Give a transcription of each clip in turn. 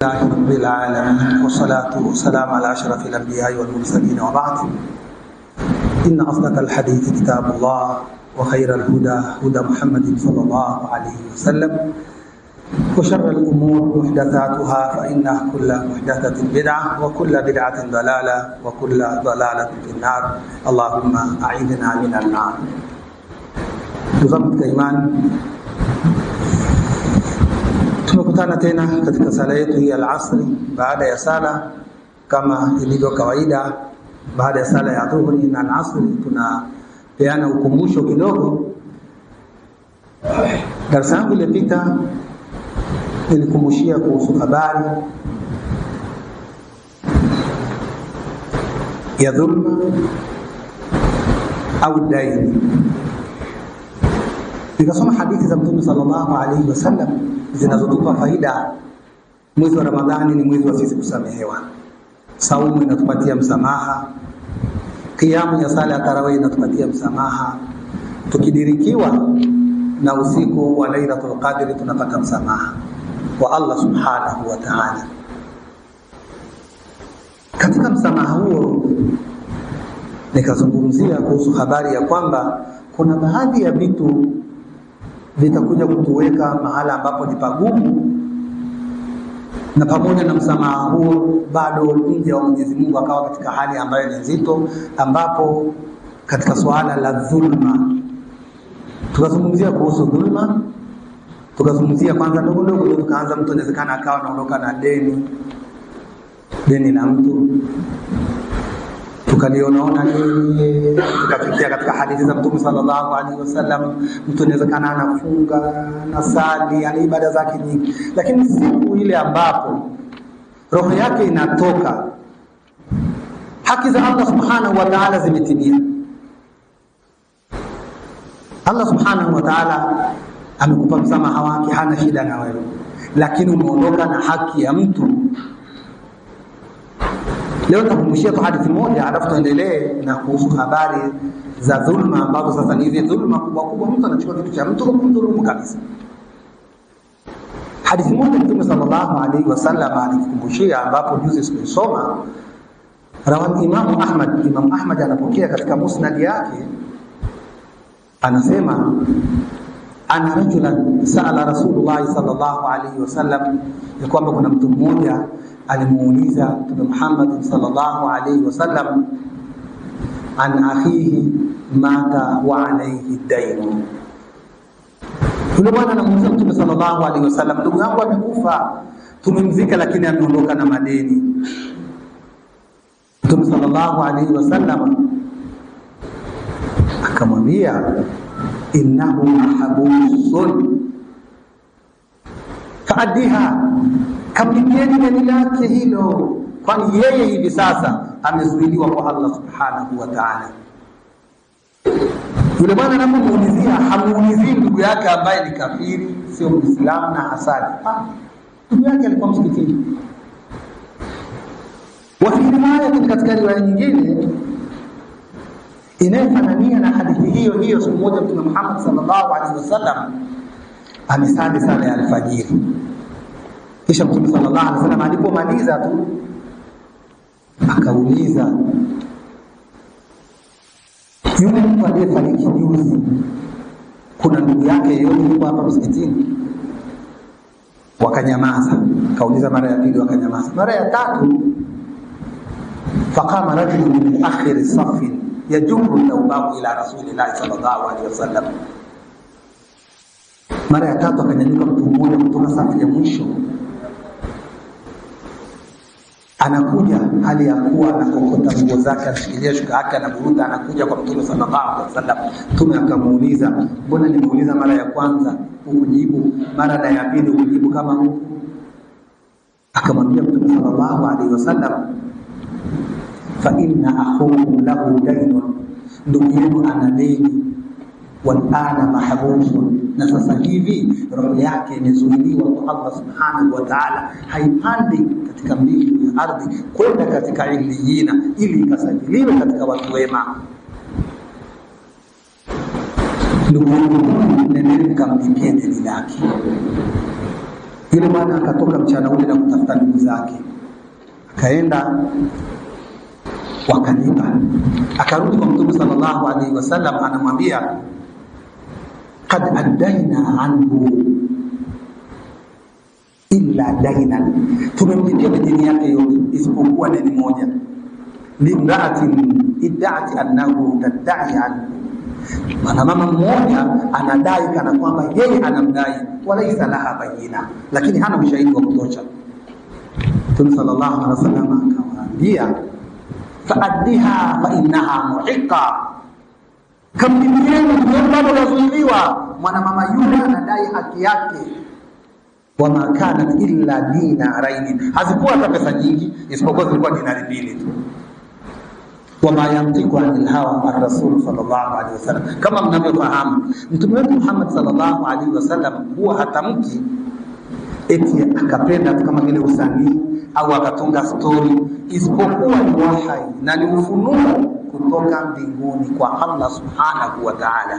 لله رب العالمين والصلاة والسلام على أشرف الأنبياء والمرسلين وبعد إن أصدق الحديث كتاب الله وخير الهدى هدى محمد صلى الله عليه وسلم وشر الأمور محدثاتها فإن كل محدثة بدعة وكل بدعة ضلالة وكل ضلالة في النار اللهم أعيذنا من النار نظام الإيمان Tunakutana tena katika sala yetu hii alasri, baada ya sala kama ilivyo kawaida, baada ya sala ya dhuhuri na alasri tunapeana ukumbusho kidogo. Darasa yangu iliyopita nilikumbushia kuhusu habari ya dhulma au daini Nikasoma hadithi za Mtume sallallahu alaihi wasallam zinazotupa faida. Mwezi wa Ramadhani ni mwezi wa sisi kusamehewa, saumu inatupatia msamaha, kiamu ya sala ya tarawih inatupatia msamaha, tukidirikiwa na usiku wa Lailatul Qadri tunapata msamaha wa Allah subhanahu wa ta'ala. Katika msamaha huo nikazungumzia kuhusu habari ya kwamba kuna baadhi ya vitu vitakuja kutuweka mahala ambapo ni pagumu, na pamoja na msamaha huo bado mja wa Mwenyezi Mungu akawa katika hali ambayo ni nzito, ambapo katika suala la dhulma tukazungumzia kuhusu dhulma, tukazungumzia kwanza ndogo ndogo, tukaanza mtu anawezekana akawa anaondoka na deni deni la mtu tukalionaona nini, tukafikia katika hadithi za Mtume sallallahu alaihi wasallam. Mtu inawezekana anafunga na sali, ana ibada zake nyingi, lakini siku ile ambapo roho yake inatoka, haki za Allah subhanahu wa ta'ala zimetimia. Allah subhanahu wa ta'ala amekupa msamaha wake, hana shida na wewe, lakini umeondoka na haki ya mtu Leo nakumbushia kwa hadithi moja, alafu tuendelee na kuhusu habari za dhulma ambazo sasa ni hizi dhulma kubwa kubwa, mtu anachukua kitu cha mtu kumdhulumu kabisa. Hadithi moja Mtume sallallahu alaihi wasallam alikukumbushia, ambapo juzi sikuisoma. Rawan Imamu Ahmad, Imamu Ahmad anapokea katika musnad yake, anasema ana rajulan sala Rasulullahi sallallahu alaihi wasallam, ya kwamba kuna mtu mmoja alimuuliza Mtume Muhammad sallallahu alaihi wasallam an akhihi mata wa alaihi dainu. Yule bwana anamuuliza Mtume sallallahu alaihi wasallam, ndugu yangu amekufa, tumemzika, lakini ameondoka na madeni. Mtume sallallahu alaihi wasallam akamwambia innahu mahabusun faadiha kapigieni deni lake hilo, kwani yeye hivi sasa amezuiliwa kwa Allah subhanahu wa ta'ala. Yule bwana anapomuulizia, hamuulizii ndugu yake ambaye ni kafiri, sio Muislamu na hasadi. Ah, ndugu yake alikuwa msikitini. Wafi riwayatin, katika riwaya nyingine inayofanania na hadithi hiyo hiyo, siku moja Mtume Muhammad sallallahu alaihi wasallam amesali sala ya alfajiri kisha Mtume sallallahu alaihi wasallam alipomaliza tu akauliza, yule mtu aliyefariki juzi, kuna ndugu yake yeyote yuko hapa msikitini? Wakanyamaza. kauliza mara ya pili, wakanyamaza. Mara ya tatu, faqama rajulun min akhiri safin yajurru thawbahu ila rasulillahi sallallahu alaihi wasallam mara ya tatu akanyanyuka mtu mmoja kutoka safu ya mwisho anakuja hali ya kuwa anakokota nguo zake, anashikilia shuka yake, anaburuta, anakuja kwa Mtume sallallahu alaihi wasallam. Mtume akamuuliza, mbona nimuuliza mara ya kwanza ukujibu, mara na ya pili ukujibu kama huu Akamwambia Mtume sallallahu alaihi wasallam, fa inna akhukum lahu dainun, ndugu yenu ana deni, walana mahbusun na sasa hivi roho yake imezuiliwa kwa Allah subhanahu wa ta'ala, haipandi katika mbingu ya ardhi kwenda katika iliyina ili ikasajiliwe katika watu wema. Ndugu yangu, nendeni mkamlipie deni lake. Yule bwana akatoka mchana ule na kutafuta ndugu zake, akaenda wakanipa, akarudi kwa Mtume sallallahu alaihi wasallam, anamwambia qad addaina anhu illa daina, tumemlipia madeni yake yote isipokuwa deni moja. Limraatin iddaat annahu taddai anhu, mwanamama mmoja anadai kana kwamba yeye anamdai, walaisa laha bayina, lakini hana ushahidi wa kutosha. Mtume sallallahu alaihi wasallam akawaambia, faaddiha fainnaha muhiqa Kampeni yenu bado yazuiliwa. Mwanamama yule anadai haki yake wama kanat illa dinaraini, hazikuwa hata pesa nyingi, isipokuwa zilikuwa dinari mbili tu. Wama yantiku anil hawa ar-rasul sallallahu alaihi wasallam, kama mnavyofahamu mtume wetu Muhammad sallallahu alaihi wasallam huwa hatamki eti akapenda kama vile usanii au akatunga stori, isipokuwa ni wahai na ni ufunuo kutoka mbinguni kwa Allah subhanahu wa ta'ala.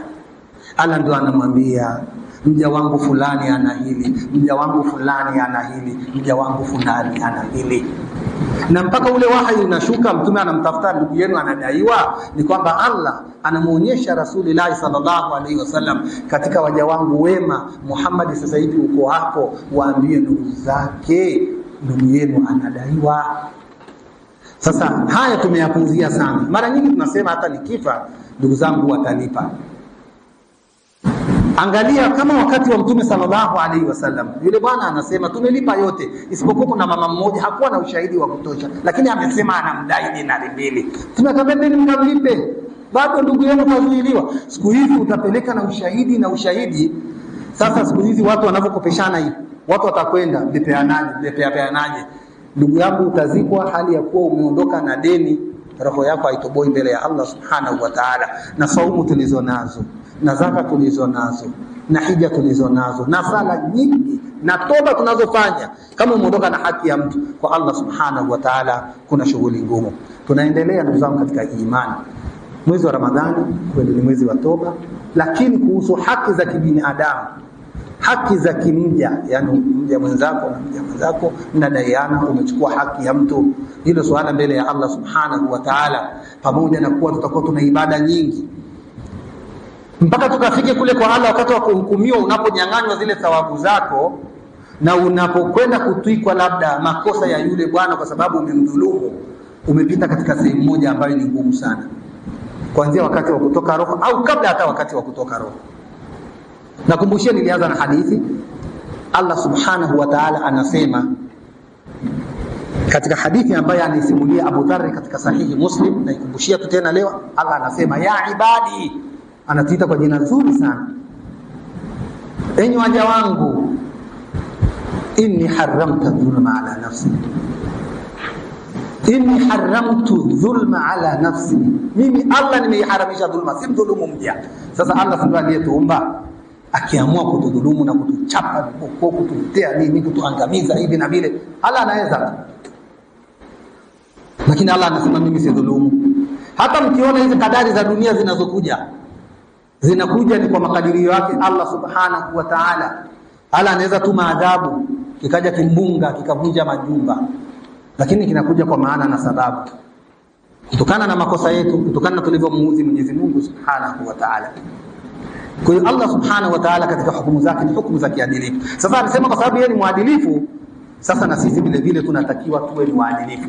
Allah ndio anamwambia mja wangu fulani ana hili, mja wangu fulani ana hili, mja wangu fulani ana hili. Na mpaka ule wahi unashuka, mtume anamtafuta ndugu yenu, anadaiwa ni kwamba Allah anamwonyesha Rasulillahi sallallahu alaihi wasallam, katika waja wangu wema Muhammad, sasa hivi uko hapo, waambie ndugu zake, ndugu yenu anadaiwa. Sasa haya tumeyapuuzia sana. Mara nyingi tunasema hata nikifa ndugu zangu watanipa. Angalia kama wakati wa Mtume sallallahu alaihi wasallam, yule bwana anasema tumelipa yote, isipokuwa kuna mama mmoja hakuwa na ushahidi wa kutosha, lakini amesema anamdai dinari mbili. Tunakabebeni mkamlipe, bado ndugu yenu kazuiliwa. Siku hizi utapeleka na ushahidi na ushahidi. Sasa siku hizi watu wanavyokopeshana hivi, watu watakwenda lipeanaje, lipeanaje ndugu yako utazikwa hali ya kuwa umeondoka na deni, roho yako haitoboi mbele ya Allah subhanahu wa ta'ala. Na saumu tulizo nazo na zaka tulizo nazo na hija tulizo nazo na sala nyingi na toba tunazofanya, kama umeondoka na haki ya mtu kwa Allah subhanahu wa ta'ala, kuna shughuli ngumu. Tunaendelea ndugu zangu katika imani, mwezi wa Ramadhani kweli ni mwezi wa toba, lakini kuhusu haki za kibinadamu haki za kimja, yani mja mwenzako na mja mwenzako mnadaiana, umechukua haki ya mtu. Hilo swala mbele ya Allah subhanahu wa ta'ala, pamoja na kuwa tutakuwa tuna ibada nyingi mpaka tukafike kule kwa Allah wakati wa kuhukumiwa, unaponyang'anywa zile thawabu zako na unapokwenda kutwikwa labda makosa ya yule bwana, kwa sababu umemdhulumu, umepita katika sehemu moja ambayo ni ngumu sana, kuanzia wakati wa kutoka roho au kabla hata wakati wa kutoka roho. Nakumbushia, nilianza na hadithi. Allah subhanahu wa ta'ala anasema katika hadithi ambayo anaisimulia Abu Dharr katika sahihi Muslim, naikumbushia tu tena leo. Allah anasema ya ibadi, anatuita kwa jina zuri sana, enyi waja wangu, inni haramtu dhulma ala nafsi, inni haramtu dhulma ala nafsi, mimi Allah nimeiharamisha dhulma, si mja. Sasa Allah si ndiye aliyetuumba akiamua kutudhulumu na kutuchapa viboko, kututea nini, kutuangamiza hivi na vile, Allah anaweza, lakini Allah anasema mimi si dhulumu. Hata mkiona hizi kadari za dunia zinazokuja, zinakuja ni kwa makadirio yake Allah subhanahu wa ta'ala. Allah anaweza tu maadhabu, kikaja kimbunga kikavunja majumba, lakini kinakuja kwa maana na sababu, kutokana na makosa yetu, kutokana na tulivyomuudhi Mwenyezi Mungu subhanahu wa ta'ala. Kwa hiyo Allah subhanahu wa ta'ala katika hukumu zake ni hukumu za kiadilifu. Sasa anasema kwa sababu yeye ni mwadilifu, sasa na sisi vile vile tunatakiwa tuwe ni waadilifu.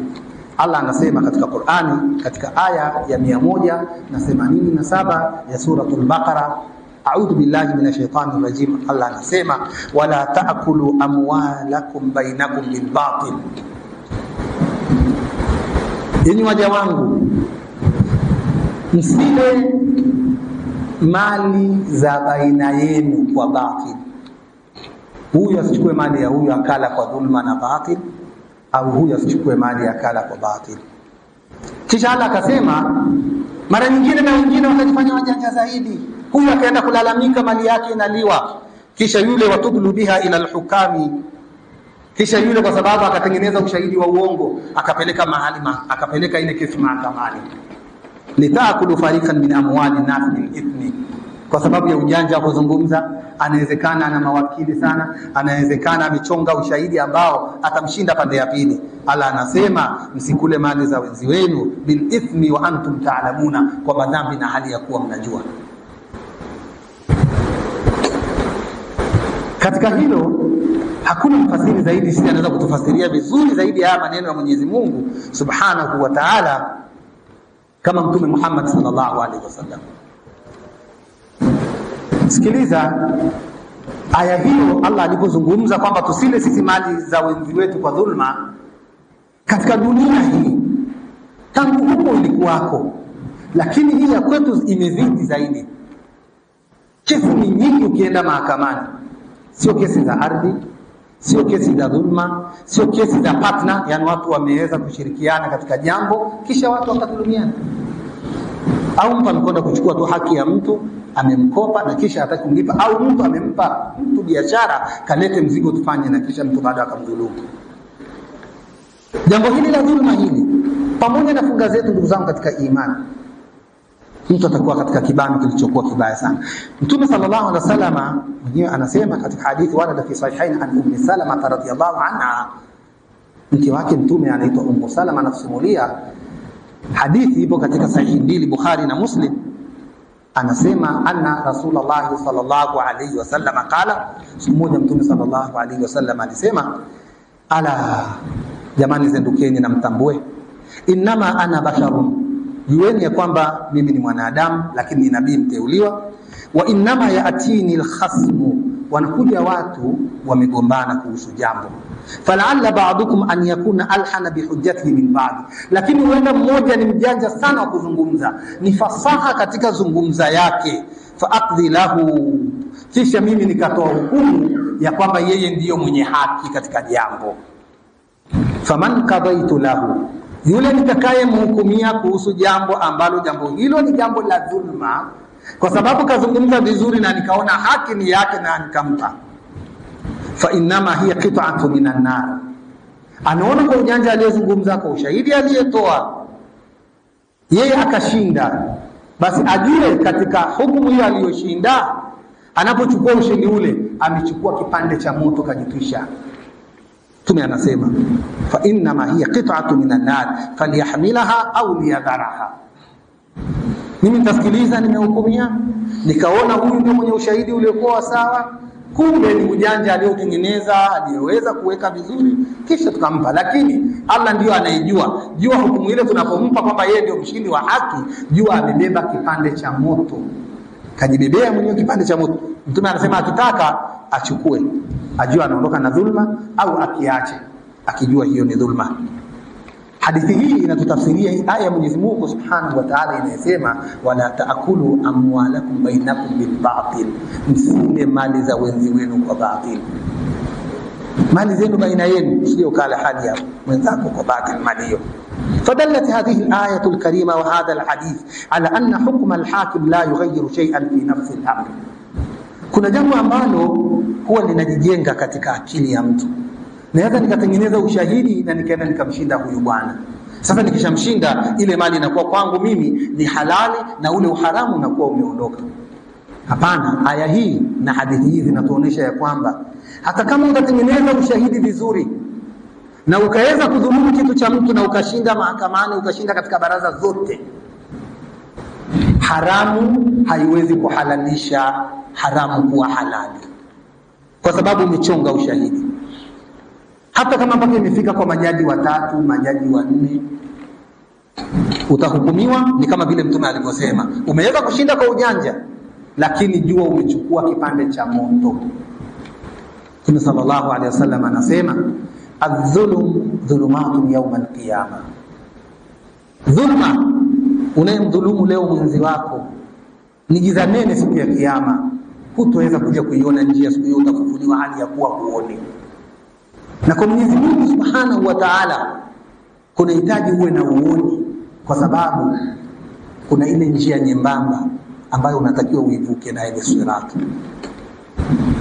Allah anasema katika Qur'ani katika aya ya 187 ya suratul Baqara, a'udhu billahi minash shaitani rajim. Allah anasema wala ta'kulu amwalakum bainakum bil batil, yenyi waja wangu msile mali za baina yenu kwa batil. Huyu asichukue mali ya huyu akala kwa dhulma na batil, au huyu asichukue mali akala kwa batil. Kisha Allah akasema mara nyingine na wengine wakajifanya wajanja zaidi, huyu akaenda kulalamika mali yake inaliwa, kisha yule watudlu biha ila alhukami kisha yule kwa sababu akatengeneza ushahidi wa uongo akapeleka mahali akapeleka ile kesi mahakamani litakulu farikan min amwali nasi bil ithni, kwa sababu ya ujanja wa kuzungumza. Anawezekana ana mawakili sana, anawezekana amechonga ushahidi ambao atamshinda pande ya pili. Ala anasema msikule mali za wenzi wenu bil ithmi wa antum taalamuna, kwa madhambi na hali ya kuwa mnajua. Katika hilo hakuna mfasiri zaidi, sisi anaweza kutufasiria vizuri zaidi haya maneno ya Mwenyezi Mungu Subhanahu wa Ta'ala kama Mtume Muhammad sallallahu alaihi wasallam. Sikiliza aya hiyo, Allah alipozungumza kwamba tusile sisi mali za wenzi wetu kwa dhulma katika dunia hii, tangu huko ilikuwako, lakini hii ya kwetu imezidi zaidi. Kesi ni nyingi, ukienda mahakamani, sio kesi za ardhi sio kesi za dhulma, sio kesi za partner, yani watu wameweza kushirikiana katika jambo kisha watu wakadhulumiana. Au mtu amekwenda kuchukua tu haki ya mtu amemkopa na kisha hataki kumlipa, au mtu amempa mtu biashara, kalete mzigo tufanye, na kisha mtu baada akamdhulumu. Jambo hili la dhulma hili, pamoja na funga zetu, ndugu zangu katika imani mtu atakuwa katika kibano kilichokuwa kibaya sana. Mtume sallallahu alaihi wasallam mwenyewe anasema katika hadithi warada fi sahihain an ummi salama radhiyallahu anha, mke wake mtume anaitwa Ummu Salama anasimulia hadithi, ipo katika sahihi mbili Bukhari na Muslim. Anasema anna rasulullah sallallahu alaihi wasallam qala, siku moja mtume sallallahu alaihi wasallam alisema, ala, jamani zendukeni na mtambue, innama ana basharun jueni ya kwamba mimi ni mwanadamu, lakini ni nabii mteuliwa. Wa innama yaatini alkhasmu, wanakuja watu wamegombana kuhusu jambo. falaala ba'dukum an yakuna alhana bihujjatihi min ba'di, lakini huenda mmoja ni mjanja sana wa kuzungumza, ni fasaha katika zungumza yake. Faaqdhi lahu, kisha mimi nikatoa hukumu ya kwamba yeye ndiyo mwenye haki katika jambo. Faman qadaitu lahu yule nitakayemhukumia kuhusu jambo ambalo jambo hilo ni jambo la dhulma, kwa sababu kazungumza vizuri na nikaona haki ni yake na nikampa. Fa innama hiya qit'atu minan nar, anaona kwa ujanja aliyezungumza, kwa ushahidi aliyetoa yeye akashinda, basi ajue katika hukumu hiyo aliyoshinda, anapochukua ushindi ule amechukua kipande cha moto kajitwisha. Mtume anasema fa innama hiya qit'atu an nar falyahmilaha au liyadharaha. Mimi nitasikiliza, nimehukumia, nikaona huyu ndio mwenye ushahidi uliokuwa sawa, kumbe ni ujanja aliyotengeneza, aliyeweza kuweka vizuri, kisha tukampa. Lakini Allah ndiyo anayejua. Jua hukumu ile tunapompa kwamba yeye ndio mshindi wa haki, jua amebeba kipande cha moto, kajibebea mwenyewe kipande cha moto. Mtume anasema akitaka achukue, ajua anaondoka na dhulma au akiache, akijua hiyo ni dhulma. Hadithi hii inatutafsiria aya ya Mwenyezi Mungu Subhanahu wa Ta'ala inayosema wala taakulu amwalakum bainakum bilbatil, msile mali za wenzi wenu kwa batil. Mali zenu baina yenu, sio kala hali ya mwenzako kwa batil mali hiyo. فدلت هذه الآية الكريمة وهذا الحديث على أن حكم الحاكم لا يغير شيئا في نفس الأمر Kuna jambo ambalo huwa linajijenga katika akili ya mtu, naweza nikatengeneza ushahidi na nikaenda nikamshinda huyu bwana. Sasa nikishamshinda, ile mali inakuwa kwangu mimi ni halali na ule uharamu unakuwa umeondoka. Hapana, aya hii na hadithi hii zinatuonesha ya kwamba hata kama utatengeneza ushahidi vizuri na ukaweza kudhulumu kitu cha mtu na ukashinda mahakamani, ukashinda katika baraza zote haramu haiwezi kuhalalisha haramu kuwa halali, kwa sababu umechonga ushahidi. Hata kama mpaka imefika kwa majaji watatu, majaji wanne, utahukumiwa. Ni kama vile Mtume alivyosema, umeweza kushinda kwa ujanja, lakini jua umechukua kipande cha moto. Mtume sallallahu alaihi wasallam anasema adh-dhulum dhulumatun yawm al dhulma unayemdhulumu leo mwenzi wako, nijizanene siku ya Kiyama, hutoweza kuja kuiona njia. Siku hiyo utafufuliwa hali ya kuwa huone. Na kwa Mwenyezi Mungu Subhanahu wa Ta'ala kunahitaji uwe na uoni, kwa sababu kuna ile njia nyembamba ambayo unatakiwa uivuke, naye ni sirati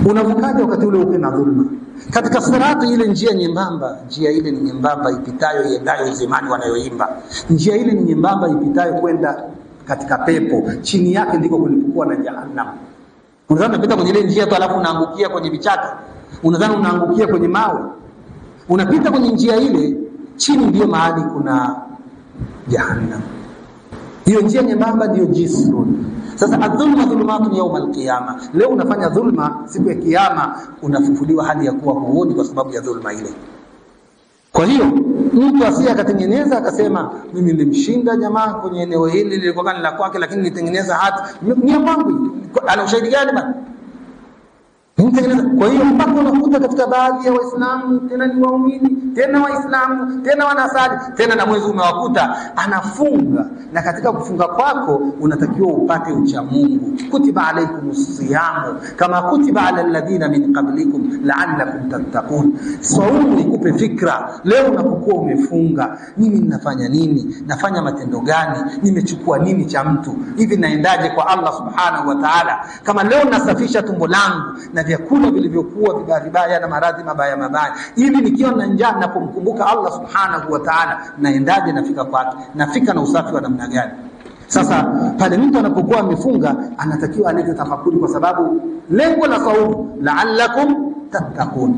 unavukaje wakati ule upe na dhulma katika sirati ile njia nyembamba. Njia ile ni nyembamba ipitayo iendayo zimani wanayoimba njia ile ni nyembamba ipitayo kwenda katika pepo, chini yake ndiko kulipokuwa na jahannam. Unadhani unapita kwenye ile njia tu alafu unaangukia kwenye vichaka? Unadhani unaangukia kwenye mawe? Unapita kwenye njia ile, chini ndio mahali kuna jahannam. Hiyo njia nyembamba ndio jisrun sasa adhulma dhulumatun yauma alqiyama, leo unafanya dhulma, siku ya kiyama unafufuliwa hali ya kuwa huoni kwa sababu ya dhulma ile. Kwa hiyo mtu asiye akatengeneza akasema, mimi nilimshinda jamaa kwenye eneo hili lilikuwa ni la kwake, lakini nilitengeneza hati, ni ya kwangu. Ana ushahidi gani bana? tena. Kwa hiyo mpaka unakuta katika baadhi ya Waislamu tena ni waumini tena Waislamu tena wanasali tena, na mwezi umewakuta anafunga, na katika kufunga kwako unatakiwa upate ucha Mungu. Kutiba alaikumus siyamu kama kutiba ala alladhina min qablikum la'allakum tattaqun. Saumu ikupe fikra. Leo unapokuwa umefunga, mimi ninafanya nini? Nafanya matendo gani? Nimechukua nini cha mtu? Hivi naendaje kwa Allah subhanahu wa ta'ala? Kama leo nasafisha tumbo langu na vya vyakula vilivyokuwa vibaya vibaya na maradhi mabaya mabaya, ili nikiwa na njaa napomkumbuka Allah subhanahu wa ta'ala, naendaje? Nafika kwake, nafika na usafi wa namna gani? Sasa pale mtu anapokuwa amefunga anatakiwa alete tafakuri, kwa sababu lengo la saumu la'allakum tattaqun,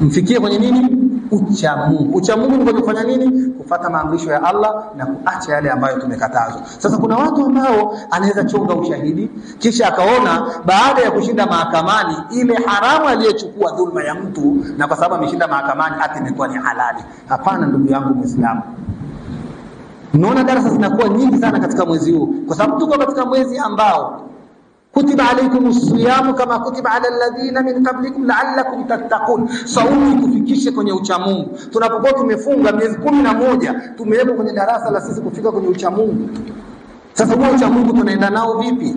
mfikie kwenye nini kucha Mungu. Kucha Mungu ni kufanya nini? Kufata maamrisho ya Allah na kuacha yale ambayo tumekatazwa. Sasa kuna watu ambao anaweza chonga ushahidi kisha akaona baada ya kushinda mahakamani ile haramu aliyechukua dhulma ya mtu, na kwa sababu ameshinda mahakamani hata imekuwa ni halali. Hapana, ndugu yangu Muislamu. Naona darasa zinakuwa nyingi sana katika mwezi huu, kwa sababu tuko katika mwezi ambao kutiba alaikum siyamu kama kutiba ala alladhina min qablikum la'allakum tattaqun. Saumu tufikishe kwenye uchamungu. Tunapokuwa tumefunga miezi kumi na moja tumewekwa kwenye darasa la sisi kufika kwenye uchamungu. Sasa huo uchamungu tunaenda nao vipi?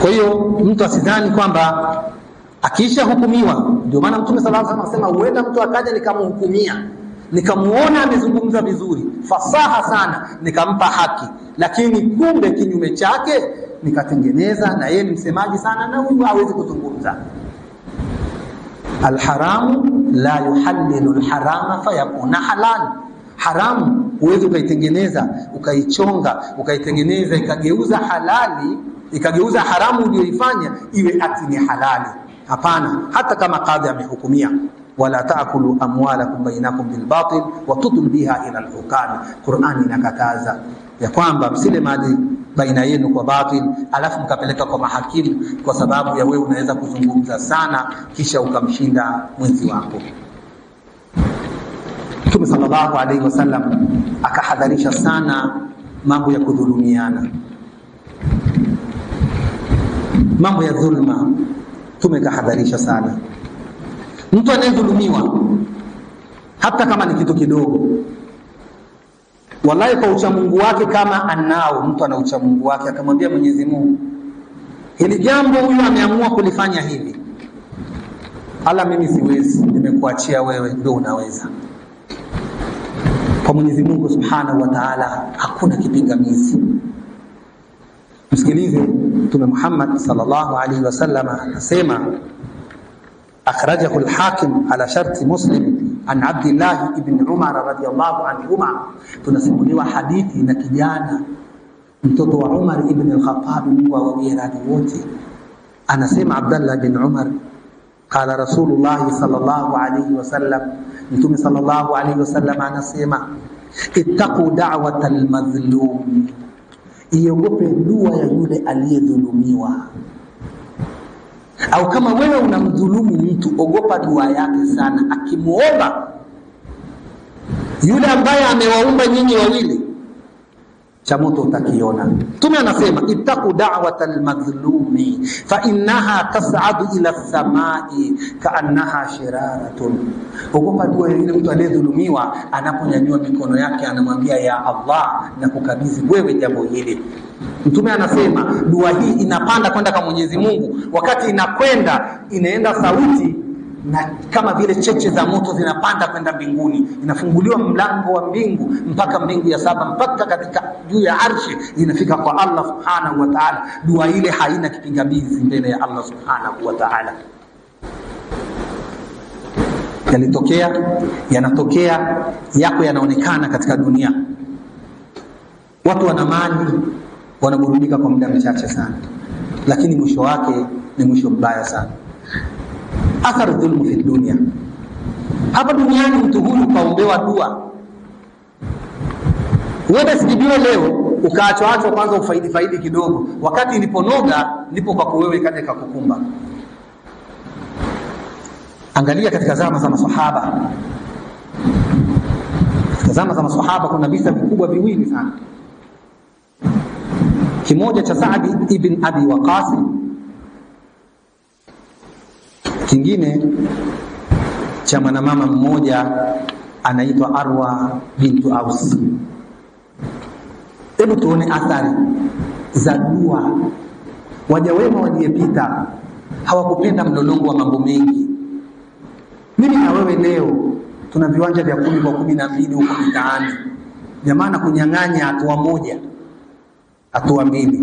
Kwa hiyo mtu asidhani kwamba akisha hukumiwa, ndio maana Mtume sallallahu alaihi wasallam anasema huenda mtu akaja nikamhukumia nikamuona amezungumza vizuri fasaha sana, nikampa haki, lakini kumbe kinyume chake nikatengeneza, na yeye ni msemaji sana, na huyu hawezi kuzungumza. Alharamu la yuhallilu lharama fayakuna halal. Haramu huwezi ukaitengeneza ukaichonga ukaitengeneza ikageuza halali ikageuza haramu uliyoifanya iwe ati ni halali. Hapana, hata kama kadhi amehukumia wala taakulu amwalakum bainakum bilbatil watudlu biha ila alhukami. Qurani inakataza ya kwamba msile mali baina yenu kwa batil, alafu mkapeleka kwa mahakimu, kwa sababu ya wewe unaweza kuzungumza sana kisha ukamshinda mwenzi wako. Mtume sallallahu alaihi wasallam akahadharisha sana mambo ya kudhulumiana, mambo ya dhulma, Mtume kahadharisha sana Mtu anayedhulumiwa hata kama ni kitu kidogo, wallahi, kwa uchamungu wake kama anao mtu ana uchamungu wake, akamwambia Mwenyezi Mungu, hili jambo huyu ameamua kulifanya hivi, ala, mimi siwezi, nimekuachia wewe, ndio unaweza. Kwa Mwenyezi Mungu Subhanahu wa Ta'ala hakuna kipingamizi. Msikilize Mtume Muhammad sallallahu alaihi wasallam anasema akhrajahu al-Hakim ala sharti Muslim an Abdullah ibn Umar radhiyallahu anhuma. Tunasimuliwa hadithi na kijana mtoto wa Umar ibn al-Khattab, Mungu awawie radhi wote, anasema Abdullah ibn Umar qala Rasulullah sallallahu alayhi wasallam, Mtume sallallahu alayhi wasallam anasema ittaqu da'wat al-mazlum, iogope dua ya yule aliyedhulumiwa. Au kama wewe unamdhulumu mtu, ogopa dua yake sana. Akimwomba yule ambaye amewaumba nyinyi wawili cha moto utakiona. Mtume anasema ittaqu da'wata almadhlumi fa innaha tas'adu ila samai kaannaha shiraratun, ogopa dua ile mtu aliyedhulumiwa anaponyanyua mikono yake anamwambia ya Allah, na kukabidhi wewe jambo hili. Mtume anasema dua hii inapanda kwenda kwa Mwenyezi Mungu, wakati inakwenda inaenda sauti na kama vile cheche za moto zinapanda kwenda mbinguni, inafunguliwa mlango wa mbingu mpaka mbingu ya saba mpaka katika juu ya arshi inafika kwa Allah subhanahu wa ta'ala. Dua ile haina kipingamizi mbele ya Allah subhanahu wa ta'ala. Yalitokea, yanatokea, yako yanaonekana katika dunia. Watu wana mali, wanaburudika kwa muda mchache sana, lakini mwisho wake ni mwisho mbaya sana athar dhulmu fi dunia, hapa duniani mtu huyu kaombewa dua. Wewe usijibiwe leo ukaachwaachwa kwanza ufaidi faidi kidogo, wakati iliponoga ndipo kwako wewe kaja kakukumba. Angalia katika zama za masahaba, katika zama za masahaba kuna visa vikubwa viwili sana, kimoja cha Saadi ibn Abi Waqasi kingine cha mwanamama mmoja anaitwa Arwa bintu Aus. Hebu tuone athari za dua. Waja wema waliyepita hawakupenda mlolongo wa mambo mengi. Mimi na wewe leo tuna viwanja vya kumi kwa kumi na mbili huko mitaani, jamaa na kunyang'anya hatua moja, hatua mbili.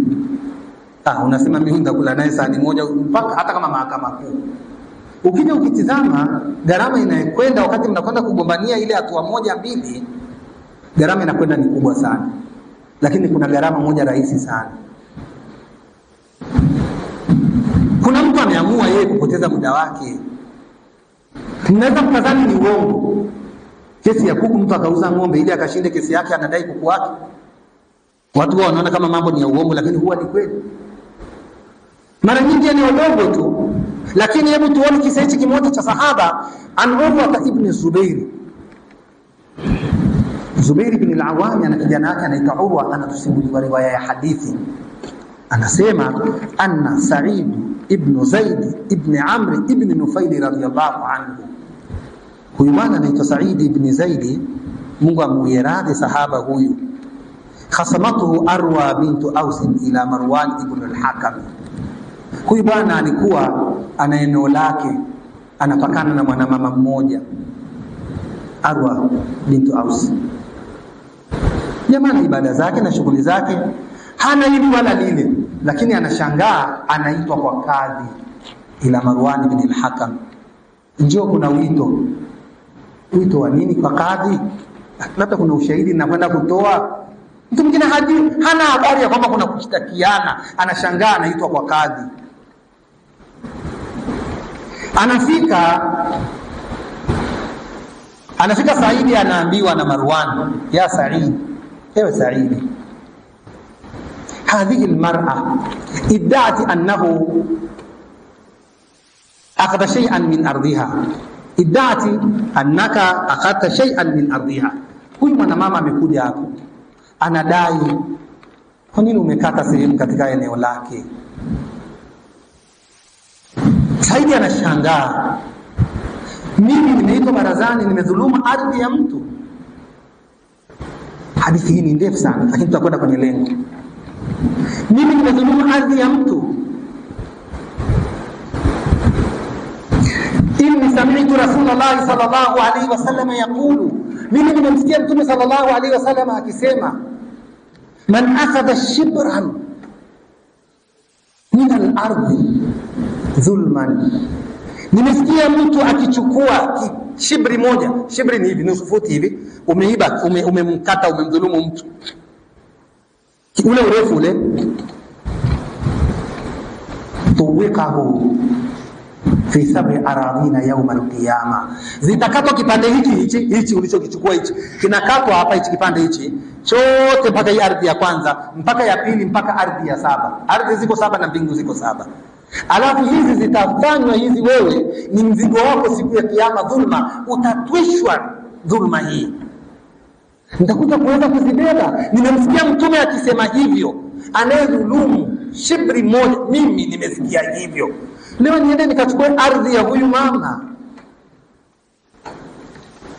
Ah, unasema mimi nitakula naye sahani moja mpaka hata kama mahakama kuu Ukija ukitizama gharama inayokwenda wakati mnakwenda kugombania ile hatua moja mbili, gharama inakwenda ni kubwa sana, lakini kuna gharama moja rahisi sana. Kuna mtu ameamua yeye kupoteza muda wake, mnaweza mkadhani ni uongo. Kesi ya kuku, mtu akauza ng'ombe ili akashinde kesi yake, anadai kuku wake. Watu wao wanaona kama mambo ni ya uongo, lakini huwa ni kweli. Mara nyingi ni uongo tu. Lakini hebu tuone kisa hichi kimoja cha sahaba an Urwa ibn Zubair. Zubair ibn al-Awwam ana kijana yake anaitwa Urwa, anatusimuliwa riwaya ya hadithi, anasema anna Sa'id ibn Zaid ibn Amr ibn Nufail radiyallahu anhu, huyu bwana anaitwa Sa'id ibn Zaid, Mungu amuwie radhi sahaba huyu, khasamatuhu Arwa bintu Aus ila Marwan ibn al-Hakam Huyu bwana alikuwa ana eneo lake, anapakana na mwanamama mmoja Arwa bintu Aus. Jamani, ibada zake na shughuli zake hana hili wala lile, lakini anashangaa anaitwa kwa kadhi ila Marwan bin al-Hakam. Njoo, kuna wito. Wito wa nini kwa kadhi? Labda kuna ushahidi nakwenda kutoa. Mtu mwingine hajui, hana habari ya kwamba kuna kushtakiana, anashangaa anaitwa kwa kadhi. Anafika anafika Saidi, anaambiwa na Marwan, ya Saidi, ewe Saidi, hadhihi almar'a iddaat annahu akhadha shay'an min ardiha iddaati annaka akhadta shay'an min ardiha. Huyu mwanamama amekuja hapo anadai, kwa nini umekata sehemu katika eneo lake? Saidi anashangaa, mimi nimeitwa barazani, nimedhuluma ardhi ya mtu. Hadithi hii ni ndefu sana, lakini tutakwenda kwenye lengo. Mimi nimedhuluma ardhi ya mtu. Inni sami'tu Rasulullahi sallallahu alaihi wasallam yaqulu, mimi nimemsikia Mtume sallallahu alaihi wasallam akisema, man akhadha shibran min al-ardhi dhulman. Nimesikia mtu akichukua shibri moja, shibri ni hivi nusu futi hivi, umeiba, umemkata, ume umemdhulumu mtu ule urefu ule tuwikahu fi sab'i aradhina yawm alqiyama, zitakatwa kipande hiki hichi hichi ulichokichukua hichi, kinakatwa hapa hichi kipande hichi chote, mpaka hii ardhi ya kwanza mpaka ya pili mpaka ardhi ya saba. Ardhi ziko saba na mbingu ziko saba. Alafu hizi zitafanywa hizi, wewe ni mzigo wako siku ya kiyama, dhulma utatwishwa dhulma hii nitakuja kuweza kuzibeba. Nimemsikia Mtume akisema hivyo, anayedhulumu shibri moja, mimi nimesikia hivyo leo niende nikachukue ardhi ya huyu mama.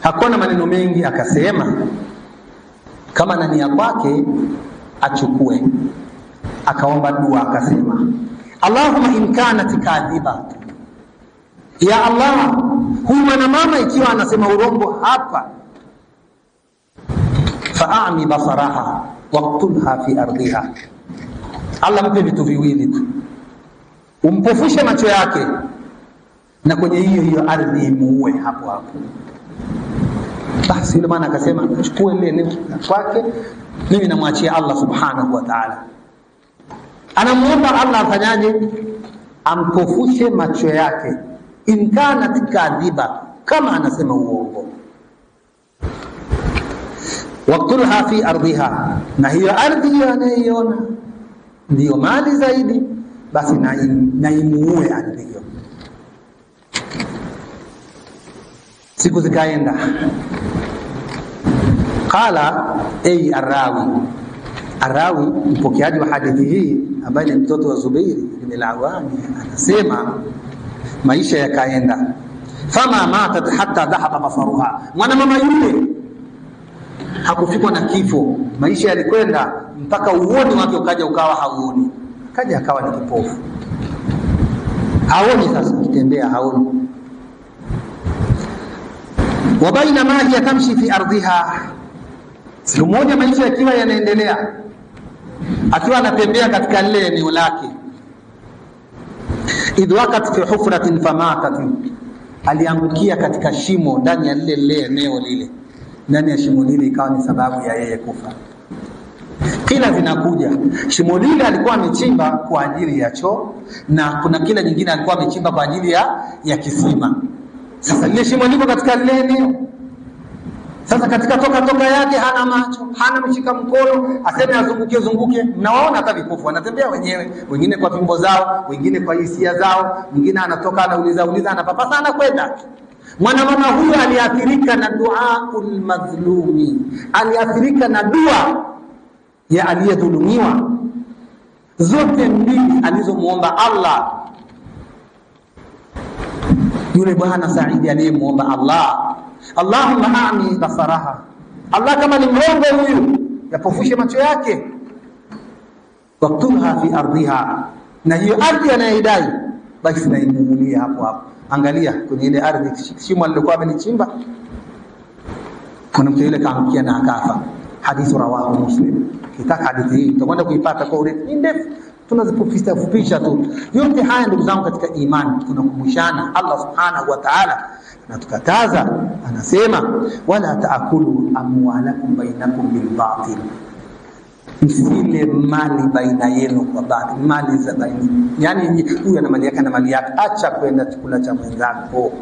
Hakuna maneno mengi, akasema kama na nia kwake achukue. Akaomba dua akasema, Allahumma in kanat kadhiba, ya Allah, huyu mwanamama ikiwa anasema urongo hapa, faami basaraha waktulha fi ardhiha, Allah mpe vitu viwili tu umpofushe macho yake, na kwenye hiyo hiyo ardhi imuue hapo hapo. Basi ndio maana akasema chukue ile eneo kwake, mimi namwachia Allah subhanahu wa ta'ala. Anamuomba Allah afanyaje? Ampofushe macho yake, inkana kadhiba, kama anasema uongo waktulha fi ardhiha, na hiyo ardhi hiyo anayoiona ndiyo mali zaidi basi naimuue na ardhi hiyo. Siku zikaenda, qala ay arawi arawi, mpokeaji wa hadithi hii ambaye ni mtoto wa Zubairi bin al-Awwam anasema, maisha yakaenda, fama matat hatta dhahaba mafaruha, mwanamama yule hakufikwa na kifo, maisha yalikwenda mpaka uoni wake ukaja ukawa hauoni kaja akawa ni kipofu, haoni sasa, kitembea haoni. wa bainama hiya tamshi fi ardhiha, siku moja maisha yakiwa yanaendelea, akiwa anatembea katika lile eneo lake, idh wakat fi hufratin famatat, aliangukia katika shimo ndani ya lile lile eneo lile, ndani ya shimo lile ikawa ni sababu ya yeye kufa kila zinakuja. Shimo lile alikuwa amechimba kwa ajili ya choo na kuna kila nyingine alikuwa amechimba kwa ajili ya, ya kisima. Sasa lile shimo liko katika lile eneo sasa katika toka toka yake hana macho, hana mshika mkono, aseme azunguke zunguke. Mnawaona hata vipofu wanatembea wenyewe, wengine kwa fimbo zao, wengine kwa hisia zao, mwingine anatoka anauliza uliza, anapapasa, anakwenda. Mwanamama huyu aliathirika na duaul mazlumi, aliathirika na dua ya aliyedhulumiwa, zote mbili alizomwomba Allah yule bwana Saidi aliyemwomba Allah, Allahumma ami basaraha, Allah kama ni mrongo huyu yapofushe macho yake, waktulha fi ardhiha, na hiyo ardhi anayeidai basi nainunulia hapo hapo. Angalia kwenye ile ardhi, shimo alilokuwa amenichimba, mtu yule kaangukia na akafa hadithu rawahu Muslim. Kitaka hadithi hii utakwenda kuipata kwa urefu, ni ndefu, tunazifupisha fupisha tu. Yote haya ndugu zangu katika imani, tunakumbushana Allah subhanahu wa ta'ala anatukataza, anasema wala taakulu amwalakum bainakum batil, msile mali baina yenu kwa batil, mali za baina. Yani huyu ana mali yake na mali yake, acha kwenda chakula cha mwenzako,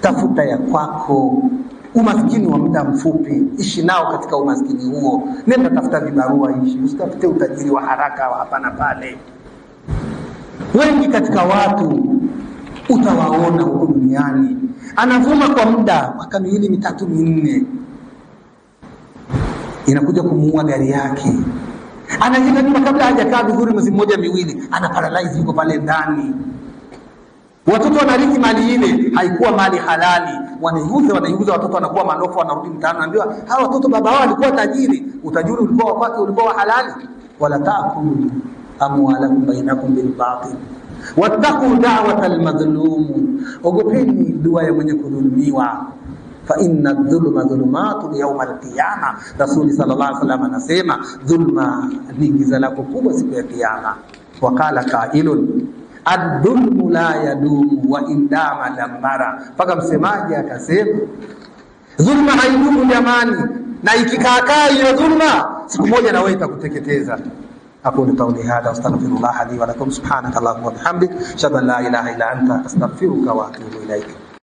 tafuta ya kwako umaskini wa muda mfupi, ishi nao katika umaskini huo. Nenda tafuta vibarua, ishi, usitafute utajiri wa haraka wa hapa na pale. Wengi katika watu utawaona huko duniani anavuma kwa muda miaka miwili mitatu minne, inakuja kumuua gari yake, anajinyanyua kabla hajakaa vizuri mwezi mmoja miwili, ana paralyze yuko pale ndani. Watoto wanarithi mali ile, haikuwa mali halali wanaiuza wanaiuza, watoto wanakuwa manofu, wanarudi mtaani, naambiwa hawa watoto baba wao walikuwa tajiri, utajiri ulikuwa wa kwake, ulikuwa wa halali. wala taakulu amwalakum bainakum bil wattaqu da'wata al ogopeni dua ya mwenye kudhulumiwa fa inna dhulma dhulumatun yauma alqiyama. Rasuli sallallahu alaihi wasallam anasema dhulma ni giza lako kubwa siku ya Kiyama. waqala qa'ilun adhulmu la yadumu wa indama damara, mpaka msemaji akasema dhulma haidumu jamani, na ikikaakaa hiyo dhulma siku moja nawe itakuteketeza. أقول قولي هذا وأستغفر الله لي ولكم سبحانك اللهم وبحمدك أشهد أن لا إله إلا أنت أستغفرك وأتوب إليك